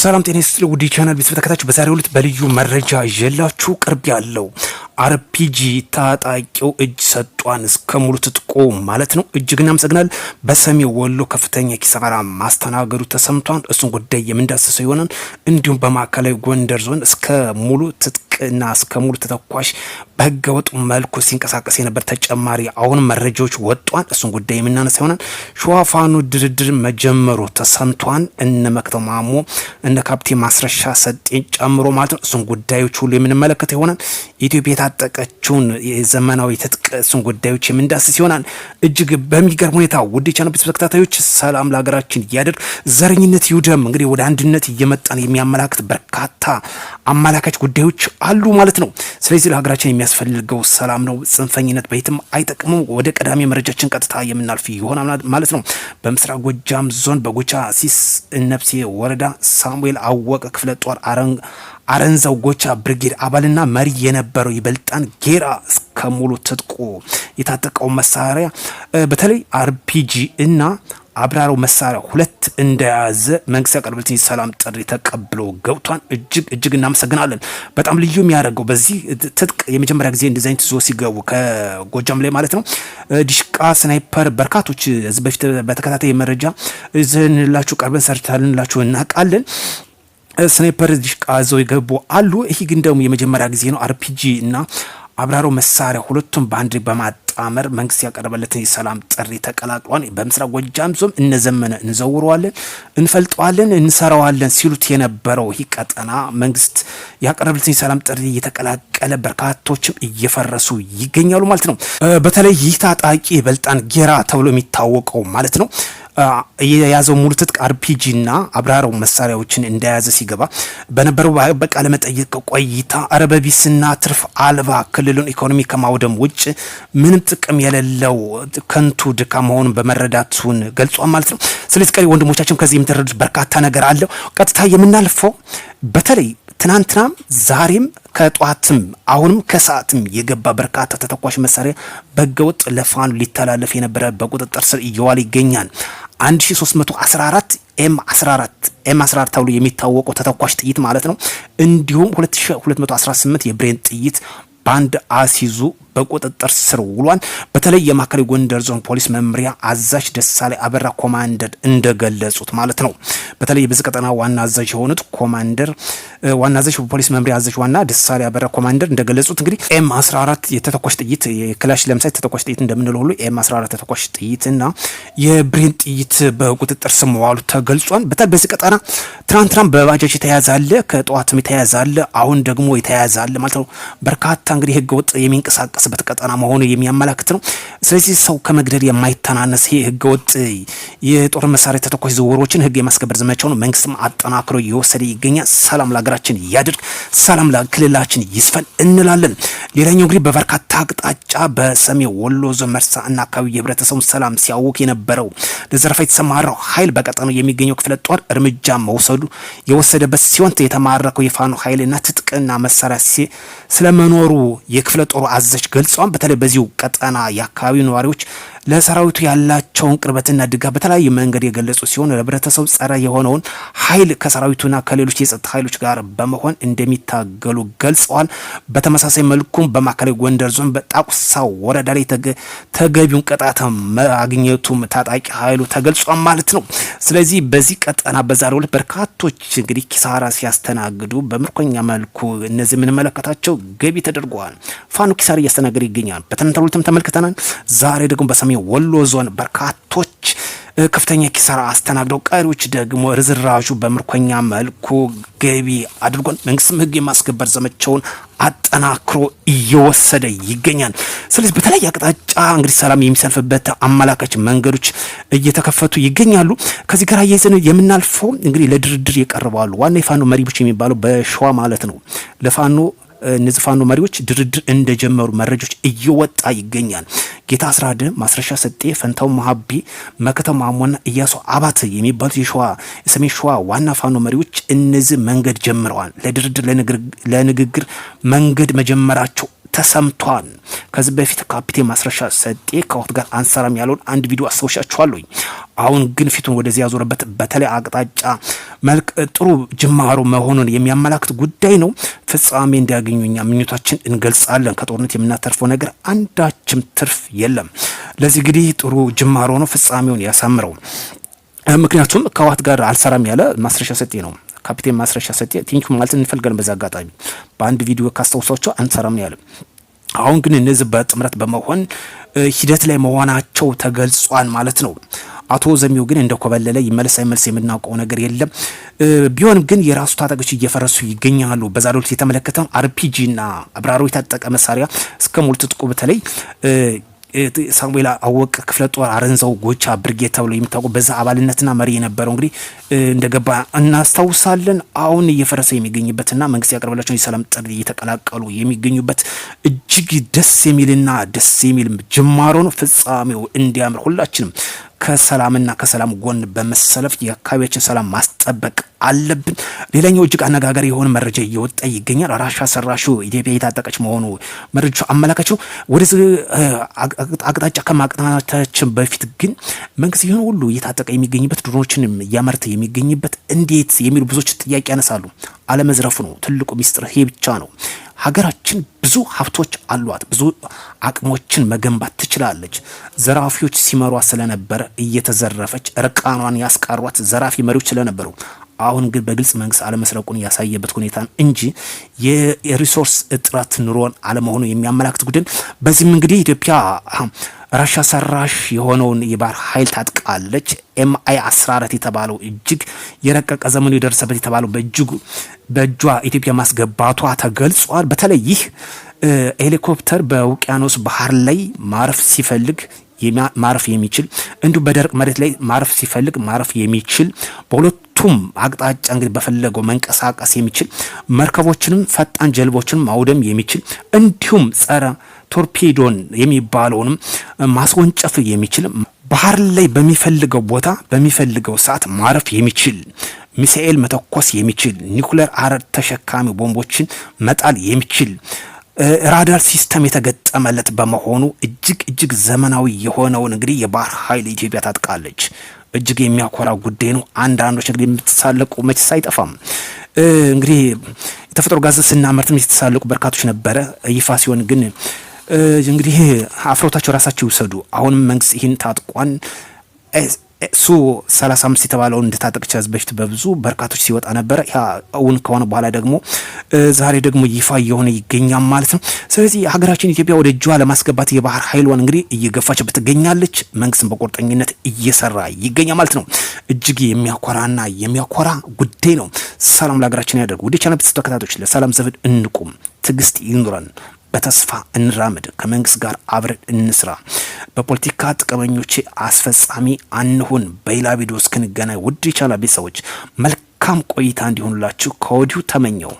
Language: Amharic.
ሰላም ጤና ይስጥል ውድ ቻናል ቤተሰብ ተከታችሁ በዛሬው ዕለት በልዩ መረጃ ይዤላችሁ ቅርብ ያለው አርፒጂ ታጣቂው እጅ ሰጧን እስከ ሙሉ ትጥቆ ማለት ነው። እጅግ እናመሰግናል። በሰሜን ወሎ ከፍተኛ ኪሳራ ማስተናገዱ ተሰምቷል። እሱን ጉዳይ የምንዳስሰው ይሆናል። እንዲሁም በማዕከላዊ ጎንደር ዞን እስከ ሙሉ ትጥቅ እና እስከ ሙሉ ተተኳሽ በህገወጥ መልኩ ሲንቀሳቀስ የነበር ተጨማሪ አሁን መረጃዎች ወጧል። እሱን ጉዳይ የምናነሳ ይሆናል። ሸዋፋኑ ድርድር መጀመሩ ተሰምቷል። እነ መክተው ማሞ እነ ካፕቴን ማስረሻ ሰጤን ጨምሮ ማለት ነው። እሱን ጉዳዮች ሁሉ የምንመለከት ይሆናል። ኢትዮጵያ የታጠቀችውን የዘመናዊ ትጥቅ እሱን ጉዳዮች የምንዳስስ ይሆናል። እጅግ በሚገርም ሁኔታ ውድ የቻናል ቤተሰብ ተከታታዮች ሰላም ለሀገራችን እያደርግ ዘረኝነት ይውደም። እንግዲህ ወደ አንድነት እየመጣን የሚያመላክት በርካታ አመላካች ጉዳዮች አሉ ማለት ነው። ስለዚህ ለሀገራችን የሚያስፈልገው ሰላም ነው። ጽንፈኝነት በየትም አይጠቅምም። ወደ ቀዳሚ መረጃችን ቀጥታ የምናልፍ ይሆናል ማለት ነው። በምስራቅ ጎጃም ዞን በጎቻ ሲስ ነፍሴ ወረዳ ሳሙኤል አወቀ ክፍለ ጦር አረንዛው ጎቻ ብርጌድ አባልና መሪ የነበረው ይበልጣን ጌራ እስከ ሙሉ ትጥቁ የታጠቀው መሳሪያ በተለይ አርፒጂ እና አብራሮ መሳሪያ ሁለት እንደያዘ መንግስት ያቀርብልት ሰላም ጥሪ ተቀብሎ ገብቷን እጅግ እጅግ እናመሰግናለን። በጣም ልዩ የሚያደርገው በዚህ ትጥቅ የመጀመሪያ ጊዜ እንደዚህ አይነት ይዞ ሲገቡ ከጎጃም ላይ ማለት ነው ዲሽቃ፣ ስናይፐር በርካቶች እዚህ በፊት በተከታታይ መረጃ ይዘንላችሁ ቀርበን ሰርታልንላችሁ እናውቃለን። ስናይፐር ዲሽቃ ዘው የገቡ አሉ። ይህ ግን ደግሞ የመጀመሪያ ጊዜ ነው። አርፒጂ እና አብራሮ መሳሪያ ሁለቱም በአንድ በማ በመጣመር መንግስት ያቀረበለትን የሰላም ጥሪ ተቀላቅሏል። በምስራቅ ጎጃም ዞን እነዘመነ እንዘውረዋለን፣ እንፈልጠዋለን፣ እንሰራዋለን ሲሉት የነበረው ይህ ቀጠና መንግስት ያቀረበለትን የሰላም ጥሪ እየተቀላቀለ በርካቶችም እየፈረሱ ይገኛሉ ማለት ነው። በተለይ ይህ ታጣቂ በልጣን ጌራ ተብሎ የሚታወቀው ማለት ነው የያዘው ሙሉ ትጥቅ አርፒጂ እና አብራራው መሳሪያዎችን እንደያዘ ሲገባ በነበረው በቃለ መጠይቅ ቆይታ አረበቢስና ትርፍ አልባ ክልሉን ኢኮኖሚ ከማውደም ውጭ ምንም ጥቅም የሌለው ከንቱ ድካም መሆኑን በመረዳቱን ገልጿል ማለት ነው። ስለዚህ ቀሪ ወንድሞቻችን ከዚህ የሚደረዱት በርካታ ነገር አለው። ቀጥታ የምናልፈው በተለይ ትናንትናም ዛሬም ከጠዋትም አሁንም ከሰዓትም የገባ በርካታ ተተኳሽ መሳሪያ በህገወጥ ለፋኑ ሊተላለፍ የነበረ በቁጥጥር ስር እየዋለ ይገኛል። 1314 ኤም 14 ኤም 14 ተብሎ የሚታወቀው ተተኳሽ ጥይት ማለት ነው። እንዲሁም 2218 የብሬን ጥይት ባንድ አሲዙ በቁጥጥር ስር ውሏል። በተለይ የማዕከላዊ ጎንደር ዞን ፖሊስ መምሪያ አዛዥ ደሳሌ አበራ ኮማንደር እንደገለጹት ማለት ነው። በተለይ በዚህ ቀጠና ዋና አዛዥ የሆኑት ኮማንደር ዋና አዛዥ ፖሊስ መምሪያ አዛዥ ዋና ደሳሌ አበራ ኮማንደር እንደገለጹት እንግዲህ ኤም 14 የተተኮሽ ጥይት የክላሽ ለምሳሌ የተተኮሽ ጥይት እንደምንለው ሁሉ ኤም 14 የተተኮሽ ጥይት እና የብሬን ጥይት በቁጥጥር ስር መዋሉ ተገልጿል። በተለይ በዚህ ቀጠና ትናንትናም በባጃጅ የተያዘ አለ፣ ከጠዋትም የተያዘ አለ፣ አሁን ደግሞ የተያዘ አለ ማለት ነው። በርካታ እንግዲህ ህገወጥ የሚንቀሳቀስ የሚደርስበት ቀጠና መሆኑ የሚያመላክት ነው። ስለዚህ ሰው ከመግደል የማይተናነስ ይህ ህገወጥ የጦር መሳሪያ ተተኳሽ ዝውውሮችን ህግ የማስከበር ነው። መንግስትም አጠናክሮ እየወሰደ ይገኛል። ሰላም ለሀገራችን ያድርግ፣ ሰላም ለክልላችን ይስፈን እንላለን። ሌላኛው እንግዲህ በበርካታ አቅጣጫ በሰሜን ወሎ ዞን መርሳ እና አካባቢ የህብረተሰቡ ሰላም ሲያውክ የነበረው ለዘረፋ የተሰማራው ኃይል በቀጠናው የሚገኘው ክፍለ ጦር እርምጃ መውሰዱ የወሰደበት ሲሆን የተማረከው የፋኖ ኃይልና ትጥቅና መሳሪያ ስለመኖሩ የክፍለ ጦሩ አዛዥ ገልጸዋል። በተለይ በዚሁ ቀጠና የአካባቢው ነዋሪዎች ለሰራዊቱ ያላቸውን ቅርበትና ድጋፍ በተለያየ መንገድ የገለጹ ሲሆን ለህብረተሰቡ ጸረ የሆነውን ኃይል ከሰራዊቱና ከሌሎች የጸጥታ ኃይሎች ጋር በመሆን እንደሚታገሉ ገልጸዋል። በተመሳሳይ መልኩም በማዕከላዊ ጎንደር ዞን በጣቁሳ ወረዳ ላይ ተገቢውን ቅጣት ማግኘቱም ታጣቂ ኃይሉ ተገልጿል ማለት ነው። ስለዚህ በዚህ ቀጠና በዛሬው ዕለት በርካቶች እንግዲህ ኪሳራ ሲያስተናግዱ በምርኮኛ መልኩ እነዚህ የምንመለከታቸው ገቢ ተደርገዋል። ፋኖ ኪሳራ እያስተናገደ ይገኛል። በተንተሩትም ተመልክተናል። ዛሬ ደግሞ በሰሜ ወሎ ዞን በርካቶች ከፍተኛ ኪሳራ አስተናግደው ቀሪዎች ደግሞ ርዝራዡ በምርኮኛ መልኩ ገቢ አድርጎን መንግስትም ህግ የማስከበር ዘመቻውን አጠናክሮ እየወሰደ ይገኛል። ስለዚህ በተለያየ አቅጣጫ እንግዲህ ሰላም የሚሰልፍበት አመላካች መንገዶች እየተከፈቱ ይገኛሉ። ከዚህ ጋር አያይዘን የምናልፈው እንግዲህ ለድርድር የቀርባሉ ዋና የፋኖ መሪቦች የሚባለው በሸዋ ማለት ነው ለፋኖ እነዚህ ፋኖ መሪዎች ድርድር እንደጀመሩ መረጃዎች እየወጣ ይገኛል። ጌታ አስራደ፣ ማስረሻ ሰጤ፣ ፈንታው መሀቤ፣ መከተማ ማሞና፣ እያሱ አባት የሚባሉት የሸዋ የሰሜን ሸዋ ዋና ፋኖ መሪዎች እነዚህ መንገድ ጀምረዋል። ለድርድር ለንግግር መንገድ መጀመራቸው ተሰምቷል። ከዚህ በፊት ካፒቴን ማስረሻ ሰጤ ከወቅት ጋር አንሰራም ያለውን አንድ ቪዲዮ አስታውሻችኋለሁኝ። አሁን ግን ፊቱን ወደዚህ ያዞረበት በተለይ አቅጣጫ መልክ ጥሩ ጅማሮ መሆኑን የሚያመላክት ጉዳይ ነው። ፍጻሜ እንዲያገኙ እኛ ምኞታችን እንገልጻለን። ከጦርነት የምናተርፈው ነገር አንዳችም ትርፍ የለም። ለዚህ እንግዲህ ጥሩ ጅማሮ ነው። ፍጻሜውን ያሳምረው። ምክንያቱም ከህወሓት ጋር አልሰራም ያለ ማስረሻ ሰጤ ነው። ካፒቴን ማስረሻ ሰጤ ቲንክ ማለት እንፈልጋለን። በዛ አጋጣሚ በአንድ ቪዲዮ ካስታውሳቸው አንሰራም ያለ። አሁን ግን እነዚህ በጥምረት በመሆን ሂደት ላይ መሆናቸው ተገልጿል ማለት ነው። አቶ ዘሚው ግን እንደኮበለለ ይመለስ አይመልስ የምናውቀው ነገር የለም። ቢሆንም ግን የራሱ ታጣቂዎች እየፈረሱ ይገኛሉ። በዛሬው ዕለት የተመለከተው አርፒጂ እና አብራሪ የታጠቀ መሳሪያ እስከ ሙሉ ጥቁ በተለይ ሳሙኤል አወቀ ክፍለ ጦር አረንዘው ጎቻ ብርጌ ተብሎ የሚታወቁ በዛ አባልነትና መሪ የነበረው እንግዲህ እንደገባ እናስታውሳለን። አሁን እየፈረሰ የሚገኝበትና መንግስት ያቀረበላቸውን የሰላም ጥሪ እየተቀላቀሉ የሚገኙበት እጅግ ደስ የሚልና ደስ የሚል ጅማሮ ነው። ፍጻሜው እንዲያምር ሁላችንም ከሰላምና ከሰላም ጎን በመሰለፍ የአካባቢያችን ሰላም ማስጠበቅ አለብን። ሌላኛው እጅግ አነጋጋሪ የሆነ መረጃ እየወጣ ይገኛል። ራሻ ሰራሹ ኢትዮጵያ የታጠቀች መሆኑ መረጃ አመላካች ነው። ወደዚህ አቅጣጫ ከማቅናታችን በፊት ግን መንግስት ይህን ሁሉ እየታጠቀ የሚገኝበት ድሮኖችንም እያመርተ የሚገኝበት እንዴት የሚሉ ብዙዎች ጥያቄ ያነሳሉ። አለመዝረፉ ነው ትልቁ ሚስጥር፣ ይሄ ብቻ ነው። ሀገራችን ብዙ ሀብቶች አሏት። ብዙ አቅሞችን መገንባት ትችላለች። ዘራፊዎች ሲመሯ ስለነበረ እየተዘረፈች እርቃኗን ያስቃሯት ዘራፊ መሪዎች ስለነበሩ አሁን ግን በግልጽ መንግስት አለመስረቁን ያሳየበት ሁኔታ እንጂ የሪሶርስ እጥረት ኑሮን አለመሆኑ የሚያመላክት ቡድን በዚህም እንግዲህ ኢትዮጵያ ራሻ ሰራሽ የሆነውን የባህር ኃይል ታጥቃለች። ኤምአይ 14 የተባለው እጅግ የረቀቀ ዘመኑ የደረሰበት የተባለው በእጅጉ በእጇ ኢትዮጵያ ማስገባቷ ተገልጿል። በተለይ ይህ ሄሊኮፕተር በውቅያኖስ ባህር ላይ ማረፍ ሲፈልግ ማረፍ የሚችል እንዲሁ በደረቅ መሬት ላይ ማረፍ ሲፈልግ ማረፍ የሚችል በሁለቱም አቅጣጫ እንግዲህ በፈለገው መንቀሳቀስ የሚችል መርከቦችንም ፈጣን ጀልቦችንም ማውደም የሚችል እንዲሁም ጸረ ቶርፔዶን የሚባለውንም ማስወንጨፍ የሚችል ባህር ላይ በሚፈልገው ቦታ በሚፈልገው ሰዓት ማረፍ የሚችል ሚሳኤል መተኮስ የሚችል ኒኩሌር አረር ተሸካሚ ቦምቦችን መጣል የሚችል ራዳር ሲስተም የተገጠመለት በመሆኑ እጅግ እጅግ ዘመናዊ የሆነውን እንግዲህ የባህር ኃይል ኢትዮጵያ ታጥቃለች። እጅግ የሚያኮራ ጉዳይ ነው። አንዳንዶች እንግዲህ የምትሳለቁ መችስ አይጠፋም። እንግዲህ የተፈጥሮ ጋዝ ስናመርትም የተሳለቁ በርካቶች ነበረ። ይፋ ሲሆን ግን እንግዲህ አፍሮታቸው ራሳቸው ይውሰዱ። አሁንም መንግስት ይህን ታጥቋን ሱ 35 የተባለውን እንደታጠቀች ከዚ በፊት በብዙ በርካቶች ሲወጣ ነበረ። ያ እውን ከሆነ በኋላ ደግሞ ዛሬ ደግሞ ይፋ እየሆነ ይገኛል ማለት ነው። ስለዚህ ሀገራችን ኢትዮጵያ ወደ እጇ ለማስገባት የባህር ኃይልዋን እንግዲህ እየገፋች ብትገኛለች። መንግስትን በቁርጠኝነት እየሰራ ይገኛል ማለት ነው። እጅግ የሚያኮራና የሚያኮራ ጉዳይ ነው። ሰላም ለሀገራችን ያደርጉ። ወደ ቻናል ተከታታዮች ለሰላም ዘፈን እንቁም፣ ትግስት ይኑረን፣ በተስፋ እንራምድ፣ ከመንግስት ጋር አብረን እንስራ። በፖለቲካ ጥቅመኞች አስፈጻሚ አንሁን። በሌላ ቪዲዮ እስክንገናኝ ውድ ይቻላል ቤተሰቦች መልካም ቆይታ እንዲሆንላችሁ ከወዲሁ ተመኘው።